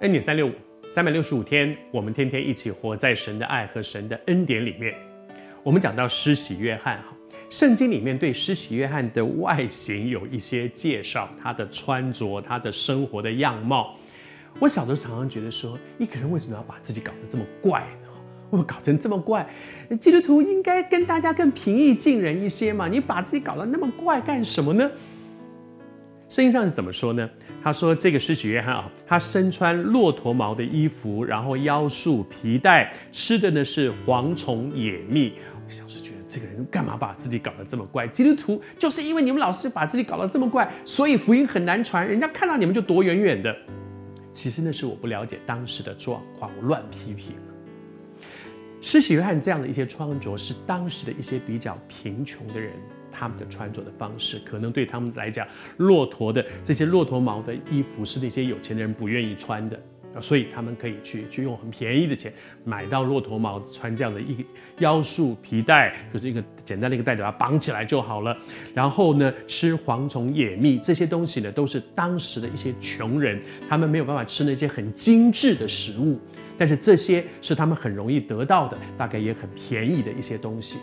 恩典三六五三百六十五天，我們天天一起活在神的愛和神的恩典裡面。我們講到施洗約翰哈，聖經裡面對施洗約翰的外形有一些介紹，他的穿着，他的生活的樣貌。我小時候常常覺得說，一個人為什麼要把自己搞得這麼怪呢？我搞成這麼怪，基督徒應該跟大家更平易近人一些嘛。你把自己搞得那麼怪幹什麼呢？聖經上是怎麼說呢？他說這個施洗約翰啊，他身穿駱駝毛的衣服，然後腰束皮帶，吃的呢是蝗蟲野蜜。我是覺得這個人幹嘛把自己搞得這麼怪？基督徒就是因為你們老是把自己搞得這麼怪，所以福音很難傳，人家看到你們就躲遠遠的。其實那是我不了解當時的狀況，我亂批評了。施洗約翰這樣的一些穿着，是當時的一些比較貧窮的人。他們的穿着的方式，可能對他們來講，駱駝的這些駱駝毛的衣服是那些有錢的人不願意穿的，所以他們可以去去用很便宜的錢買到駱駝毛穿這樣的一個腰束皮帶，就是一個簡單的一個帶子，把它綁起來就好了。然後呢，吃蝗蟲野蜜這些東西呢，都是當時的一些窮人，他們沒有辦法吃那些很精致的食物，但是這些是他們很容易得到的，大概也很便宜的一些東西。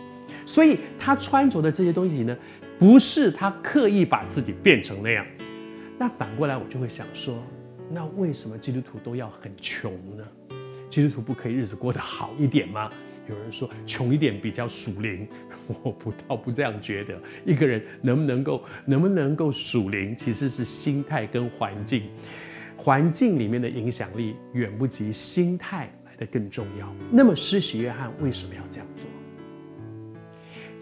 所以他穿着的這些東西呢，不是他刻意把自己變成那樣。那反過來，我就會想說，那為什麼基督徒都要很窮呢？基督徒不可以日子過得好一點嗎？有人說，窮一點比較屬靈。我不倒不這樣覺得。一個人能不能夠能不能夠屬靈，其實是心態跟環境，環境裡面的影響力遠不及心態來得更重要。那麼，施洗約翰為什麼要這樣做？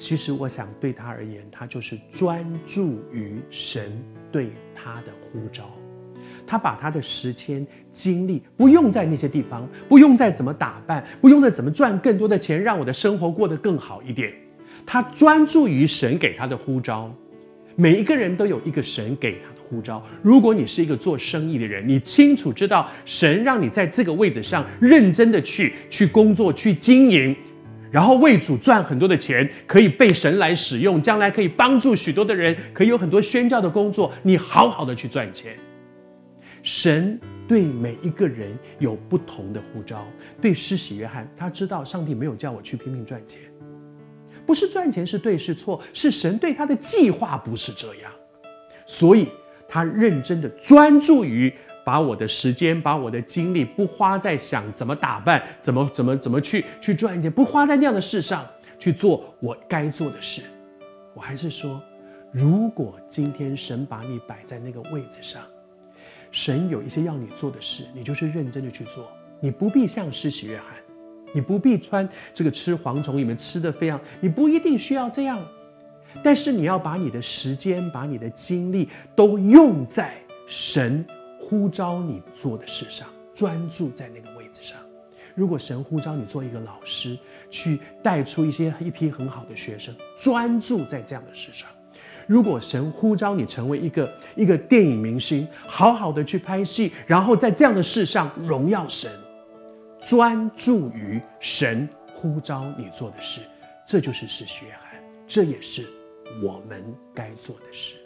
其實我想，對他而言，他就是專注於神對他的呼召。他把他的時間、精力不用在那些地方，不用再怎麼打扮，不用再怎麼賺更多的錢，讓我的生活過得更好一點。他專注於神給他的呼召。每一個人都有一個神給他的呼召。如果你是一個做生意的人，你清楚知道神讓你在這個位置上認真的去去工作、去經營。然後為主賺很多的錢，可以被神來使用，將來可以幫助許多的人，可以有很多宣教的工作。你好好的去賺錢。神對每一個人有不同的呼召。對施洗約翰，他知道上帝沒有叫我去拼命賺錢，不是賺錢是對是錯，是神對他的計劃不是這樣，所以他認真的專注於。把我的時間，把我的精力不花在想怎麼打扮，怎麼怎麼怎麼去去賺錢，不花在那樣的事上，去做我該做的事。我還是說，如果今天神把你擺在那個位置上，神有一些要你做的事，你就是認真的去做。你不必像施洗約翰，你不必穿這個吃蝗蟲，你們吃的非常，你不一定需要這樣，但是你要把你的時間，把你的精力都用在神，呼召你做的事上，專注在那個位置上。如果神呼召你做一個老師，去帶出一些一批很好的學生，專注在這樣的事上。如果神呼召你成為一個一個電影明星，好好的去拍戲，然後在這樣的事上榮耀神，專注於神呼召你做的事，這就是施洗約翰，這也是我們該做的事。